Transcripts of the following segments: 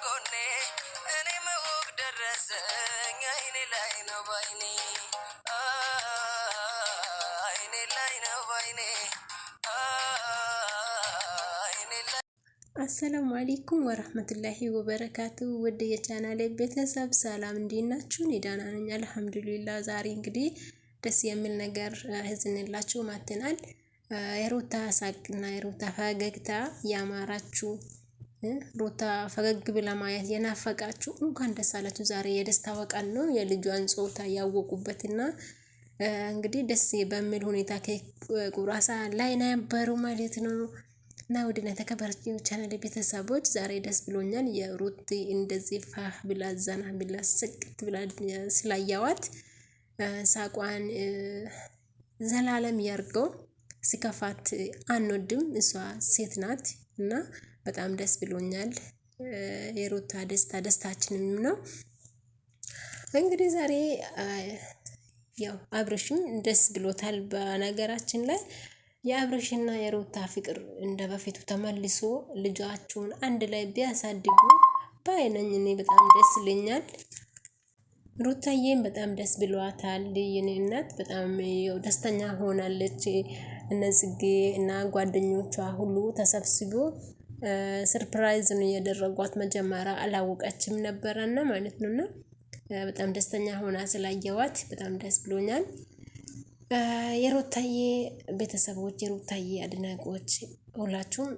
ጎኔ እኔ መወቅ ደረሰኝ አይኔ ላይ ነው ባይኔ አይኔ ላይ ነው ባይኔ አሰላሙ አሌይኩም ወረህመቱላሂ ወበረካቱ። ውድ የቻናሌ ቤተሰብ ሰላም እንዴት ናችሁ? እኔ ደህና ነኝ አልሐምዱሊላ። ዛሬ እንግዲህ ደስ የሚል ነገር ህዝንላችሁ ማትናል። የሩታ ሳቅና የሩታ ፈገግታ ያማራችሁ ሩታ ፈገግ ብላ ማየት የናፈቃችሁ እንኳን ደስ አላችሁ። ዛሬ የደስታ ቀን ነው። የልጇን ጾታ ያወቁበትና እንግዲህ ደስ በሚል ሁኔታ ኬክ ቁራሳ ላይ ነበሩ ማለት ነው። እና ወደና የተከበራችሁ ቻናል ቤተሰቦች ዛሬ ደስ ብሎኛል። የሩት እንደዚህ ፋህ ብላ ዘና ብላ ስቅት ብላ ስላያዋት ሳቋን ዘላለም ያርገው። ሲከፋት አንወድም። እሷ ሴት ናት እና በጣም ደስ ብሎኛል። የሩታ ደስታ ደስታችንም ነው። እንግዲህ ዛሬ ያው አብርሽም ደስ ብሎታል። በነገራችን ላይ የአብርሽና የሩታ ፍቅር እንደ በፊቱ ተመልሶ ልጃቸውን አንድ ላይ ቢያሳድጉ በአይነኝ እኔ በጣም ደስ ይለኛል። ሩታዬም በጣም ደስ ብሏታል። የኔ እናት በጣም ያው ደስተኛ ሆናለች። እነ ጽጌ እና ጓደኞቿ ሁሉ ተሰብስቦ ሰርፕራይዝ ነው የደረጓት። መጀመሪያ አላወቀችም ነበረና ማለት ነው። እና በጣም ደስተኛ ሆና ስላየዋት በጣም ደስ ብሎኛል። የሩታዬ ቤተሰቦች፣ የሩታዬ አድናቂዎች ሁላችሁም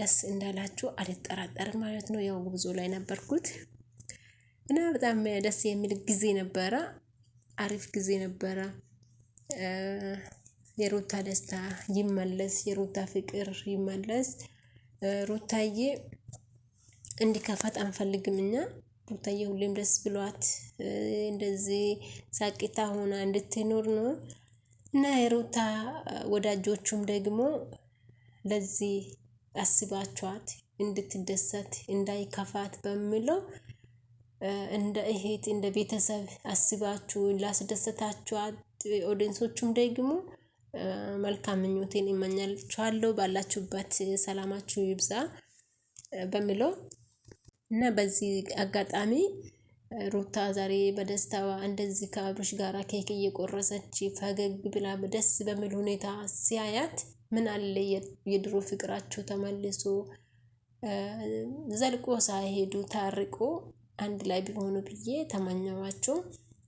ደስ እንዳላችሁ አልጠራጠርም ማለት ነው። ያው ጉዞ ላይ ነበርኩት እና በጣም ደስ የሚል ጊዜ ነበረ። አሪፍ ጊዜ ነበረ። የሩታ ደስታ ይመለስ፣ የሩታ ፍቅር ይመለስ። ሩታዬ እንዲከፋት አንፈልግም እና ሩታዬ ሁሌም ደስ ብሏት እንደዚህ ሳቂታ ሆና እንድትኖር ነው እና የሩታ ወዳጆቹም ደግሞ ለዚህ አስባችኋት እንድትደሰት እንዳይከፋት በሚለው እንደ እህት እንደ ቤተሰብ አስባችሁ ላስደሰታችኋት ኦዲየንሶቹም ደግሞ መልካም ምኞቴን ይመኛልችኋለሁ። ባላችሁበት ሰላማችሁ ይብዛ በሚለው እና በዚህ አጋጣሚ ሩታ ዛሬ በደስታዋ እንደዚህ ከአብርሽ ጋር ኬክ እየቆረሰች ፈገግ ብላ ደስ በሚል ሁኔታ ሲያያት ምን አለ የድሮ ፍቅራችሁ ተመልሶ ዘልቆ ሳይሄዱ ታርቆ አንድ ላይ ቢሆኑ ብዬ ተመኘዋቸው።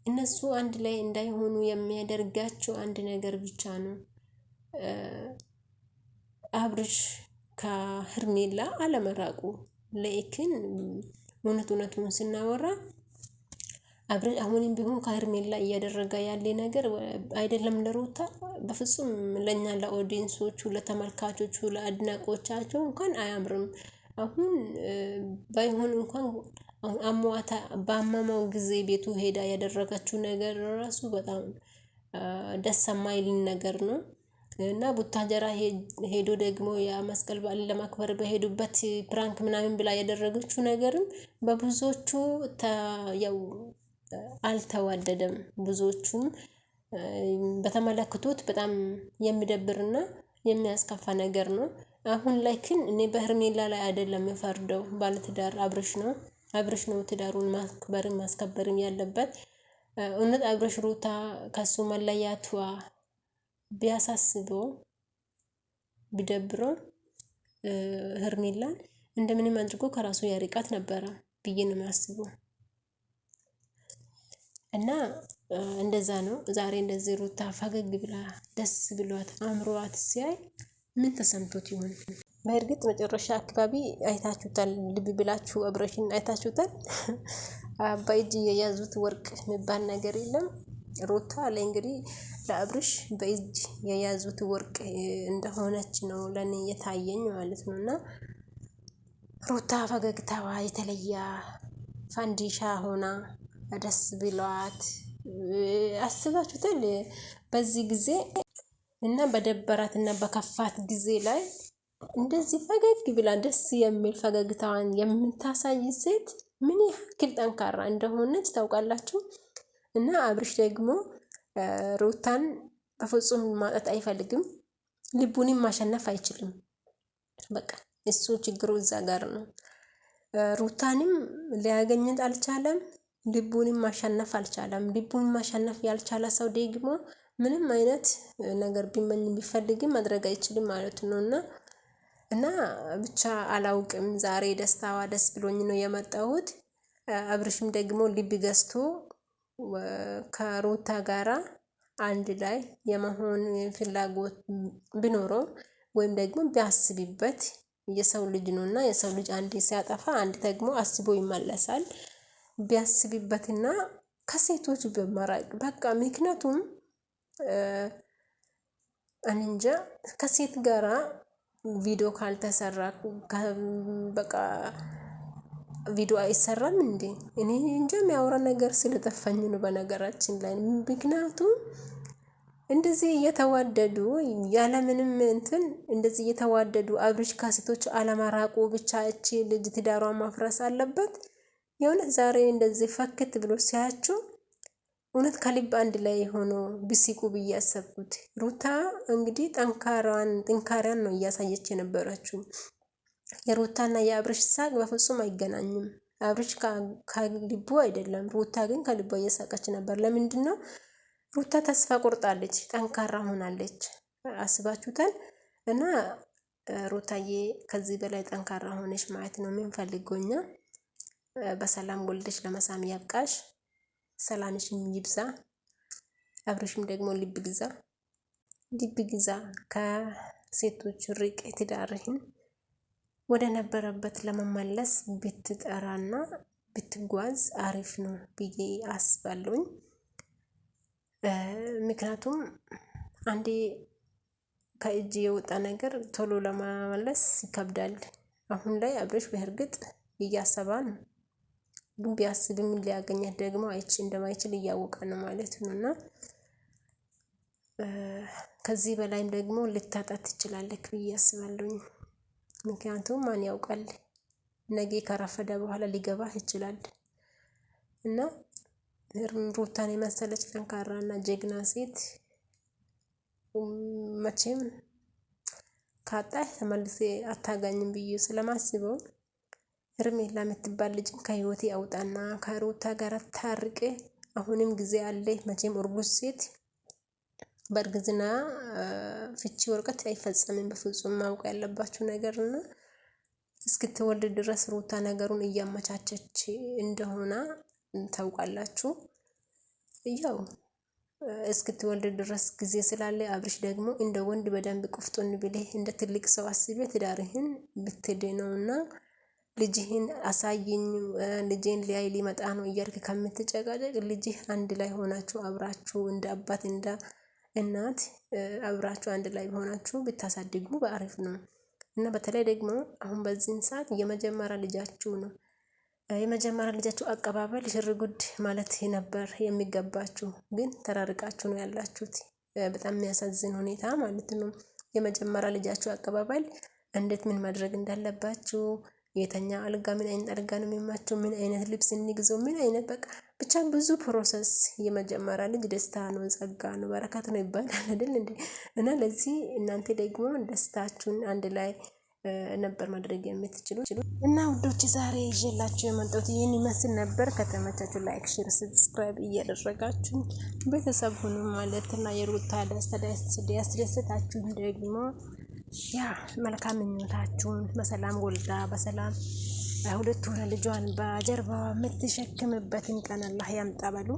እነሱ አንድ ላይ እንዳይሆኑ የሚያደርጋቸው አንድ ነገር ብቻ ነው። አብርሽ ከህርሜላ አለመራቁ ለኤክን እውነት እውነቱን ስናወራ አብርሽ አሁንም ቢሆን ከህርሜላ እያደረገ ያለ ነገር አይደለም ለሩታ በፍጹም ለእኛ ለኦዲየንሶቹ፣ ለተመልካቾቹ፣ ለአድናቆቻቸው እንኳን አያምርም። አሁን ባይሆን እንኳን አሟታ ባመመው ጊዜ ቤቱ ሄዳ ያደረገችው ነገር ራሱ በጣም ደስ የማይል ነገር ነው። እና ቡታጀራ ሄዶ ደግሞ የመስቀል በዓል ለማክበር በሄዱበት ፕራንክ ምናምን ብላ ያደረገችው ነገርም በብዙዎቹ ያው አልተዋደደም። ብዙዎቹም በተመለክቶት በጣም የሚደብርና የሚያስከፋ ነገር ነው። አሁን ላይ ግን እኔ በሄርሜላ ላይ አይደለም የምፈርደው ባለትዳር አብርሽ ነው አብረሽ ነው ትዳሩን ማክበርን ማስከበርም ያለበት። እውነት አብረሽ ሩታ ከሱ መለያቷ ቢያሳስበው ቢደብረው ሄርሜላን እንደምንም አድርጎ ከራሱ ያርቃት ነበረ ብዬ ነው የማስበው። እና እንደዛ ነው። ዛሬ እንደዚህ ሩታ ፈገግ ብላ ደስ ብሏት አምሮዋት ሲያይ ምን ተሰምቶት ይሆን? በእርግጥ መጨረሻ አካባቢ አይታችሁታል ልብ ብላችሁ አብረሽን አይታችሁታል። በእጅ የያዙት ወርቅ የሚባል ነገር የለም። ሩታ ላይ እንግዲህ ለአብርሽ በእጅ የያዙት ወርቅ እንደሆነች ነው ለኔ የታየኝ ማለት ነው። እና ሩታ ፈገግታዋ የተለየ ፋንዲሻ ሆና ደስ ብሏት አስባችሁታል። በዚህ ጊዜ እና በደበራት እና በከፋት ጊዜ ላይ እንደዚህ ፈገግ ብላ ደስ የሚል ፈገግታዋን የምታሳይ ሴት ምን ያክል ጠንካራ እንደሆነች ታውቃላችሁ። እና አብርሽ ደግሞ ሩታን በፍጹም ማጣት አይፈልግም። ልቡንም ማሸነፍ አይችልም። በቃ እሱ ችግሩ እዛ ጋር ነው። ሩታንም ሊያገኘት አልቻለም። ልቡንም ማሸነፍ አልቻለም። ልቡን ማሸነፍ ያልቻለ ሰው ደግሞ ምንም አይነት ነገር ቢመኝ ቢፈልግም ማድረግ አይችልም ማለት ነው እና እና ብቻ አላውቅም ዛሬ ደስታዋ ደስ ብሎኝ ነው የመጣሁት። አብርሽም ደግሞ ልብ ገዝቶ ከሩታ ጋራ አንድ ላይ የመሆን ፍላጎት ቢኖረው ወይም ደግሞ ቢያስብበት የሰው ልጅ እና የሰው ልጅ አንድ ሲያጠፋ አንድ ደግሞ አስቦ ይመለሳል። ቢያስብበትና ከሴቶች በመራቅ በቃ ምክንያቱም እንጃ ከሴት ጋራ ቪዲዮ ካልተሰራ በቃ ቪዲዮ አይሰራም እንዴ? እኔ እንጃ የሚያወራ ነገር ስለጠፋኝ ነው። በነገራችን ላይ ምክንያቱም እንደዚህ እየተዋደዱ ያለምንም እንትን እንደዚህ እየተዋደዱ አብርሽ ከሴቶች አለማራቁ ብቻ እቺ ልጅ ትዳሯ ማፍረስ አለበት። የእውነት ዛሬ እንደዚህ ፈክት ብሎ ሲያያቸው እውነት ከልብ አንድ ላይ ሆኖ ቢስቁ ብዬ ያሰብኩት ሩታ እንግዲህ ጠንካራን ጥንካሬዋን ነው እያሳየች የነበረችው። የሩታና የአብርሽ ሳቅ በፍጹም አይገናኝም። አብርሽ ከልቡ አይደለም፣ ሩታ ግን ከልቧ እየሳቀች ነበር። ለምንድን ነው ሩታ ተስፋ ቆርጣለች፣ ጠንካራ ሆናለች። አስባችሁታል? እና ሩታዬ ከዚህ በላይ ጠንካራ ሆነች ማለት ነው የምንፈልገው እኛ። በሰላም ወልደች ለመሳም ያብቃሽ። ሰላምሽም ይብዛ። አብረሽም ደግሞ ልብ ግዛ ልብ ግዛ። ከሴቶች ርቅ ትዳርህን ወደ ነበረበት ለመመለስ ብትጠራና ብትጓዝ አሪፍ ነው ብዬ አስባለሁኝ። ምክንያቱም አንዴ ከእጅ የወጣ ነገር ቶሎ ለመመለስ ይከብዳል። አሁን ላይ አብረሽ በእርግጥ እያሰባ ነው። ቢያስብም ሊያገኛት ደግሞ አይች እንደማይችል እያወቀ ነው ማለት ነው እና ከዚህ በላይም ደግሞ ልታጣት ትችላለክ ብዬ አስባለሁኝ። ምክንያቱም ማን ያውቃል ነገ ከረፈደ በኋላ ሊገባ ይችላል እና ሩታን የመሰለች ጠንካራና ጀግና ሴት መቼም ካጣህ ተመልሴ አታገኝም ብዬ ስለማስበው ሄርሜላ የምትባል ልጅን ከህይወቴ አውጣና ከሩታ ጋር ታርቅ። አሁንም ጊዜ አለ። መቼም እርጉዝ ሴት በእርግዝና ፍቺ ወረቀት አይፈጸምም። በፍጹም ማወቅ ያለባችሁ ነገር እስክትወልድ ድረስ ሩታ ነገሩን እያመቻቸች እንደሆነ ታውቃላችሁ። ያው እስክትወልድ ድረስ ጊዜ ስላለ አብርሽ ደግሞ እንደ ወንድ በደንብ ቁፍጡን ብለህ እንደ ትልቅ ሰው አስቤ ትዳርህን ብትድ ነውና ልጅህን አሳይኝ ልጄን ሊያይ ሊመጣ ነው እያልክ ከምትጨቃጨቅ ልጅህ አንድ ላይ ሆናችሁ አብራችሁ እንደ አባት እንደ እናት አብራችሁ አንድ ላይ ሆናችሁ ብታሳድጉ በአሪፍ ነው እና በተለይ ደግሞ አሁን በዚህን ሰዓት የመጀመሪያ ልጃችሁ ነው የመጀመሪያ ልጃችሁ አቀባበል ሽርጉድ ማለት ነበር የሚገባችሁ፣ ግን ተራርቃችሁ ነው ያላችሁት። በጣም የሚያሳዝን ሁኔታ ማለት ነው። የመጀመሪያ ልጃችሁ አቀባበል እንዴት ምን ማድረግ እንዳለባችሁ የተኛ አልጋ ምን አይነት አልጋ ነው የሚማቸው፣ ምን አይነት ልብስ እንግዘው፣ ምን አይነት በቃ ብቻ ብዙ ፕሮሰስ። የመጀመሪያ ልጅ ደስታ ነው፣ ጸጋ ነው፣ በረከት ነው ይባላል አይደል እንዴ? እና ለዚህ እናንተ ደግሞ ደስታችሁን አንድ ላይ ነበር ማድረግ የምትችሉ እና ውዶች፣ ዛሬ ይዤላችሁ የመጣሁት ይህን ይመስል ነበር። ከተመቻችሁ ላይክ፣ ሼር፣ ሰብስክራይብ እያደረጋችሁ ቤተሰብ ሁኑ ማለት እና የሩታ ደስታ ሊያስደስታችሁ ደግሞ ያ መልካም ምኞታችሁን በሰላም ወልዳ በሰላም ሁለት ሆነ ልጇን በጀርባ የምትሸክምበትን ቀን አላህ ያምጣ በሉ።